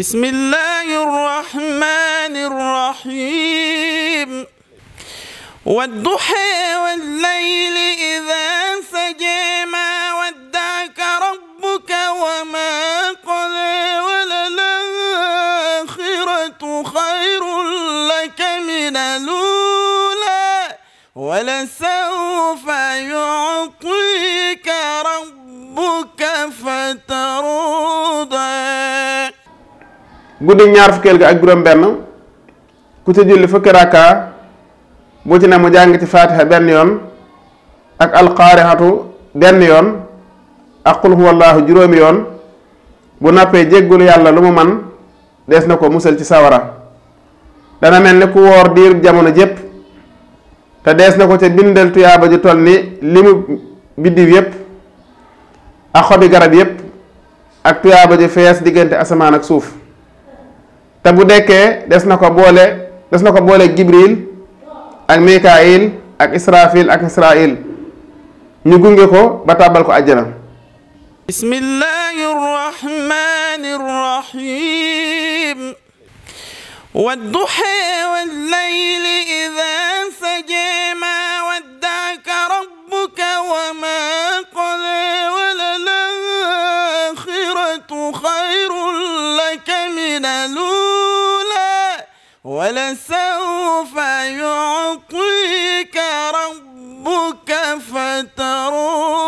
بسم الله الرحمن الرحيم والضحى والليل إذا سجى ما ودعك ربك وما قلى وللآخرة خير لك من الأولى ولسوف يعطيك ربك فترضى guddi ñaar fukkeel ga ak juróom-benn ku ci julli fukki rakka bu ci ne mu jàng ci faatiha benn yoon ak alqaarixatu benn yoon ak qul huwallaahu juróomi yoon bu nappee jéggul yàlla lu mu man des na ko musal ci sawara dana mel ni ku woor diir jamono jépp te des na ko ca bindal tuyaaba ju toll ni limu biddiw yépp ak xobi garab yépp ak tuyaaba ju fees diggante asamaan ak suuf te bu dekkee des na ko boole des na ko boole Jibril ak Mikail ak Israfil ak Israil ñu gunge ko ba tàbbal ko àjjana bismillahi rahmani rahim wa duha wal layli ولسوف يعطيك ربك فترضى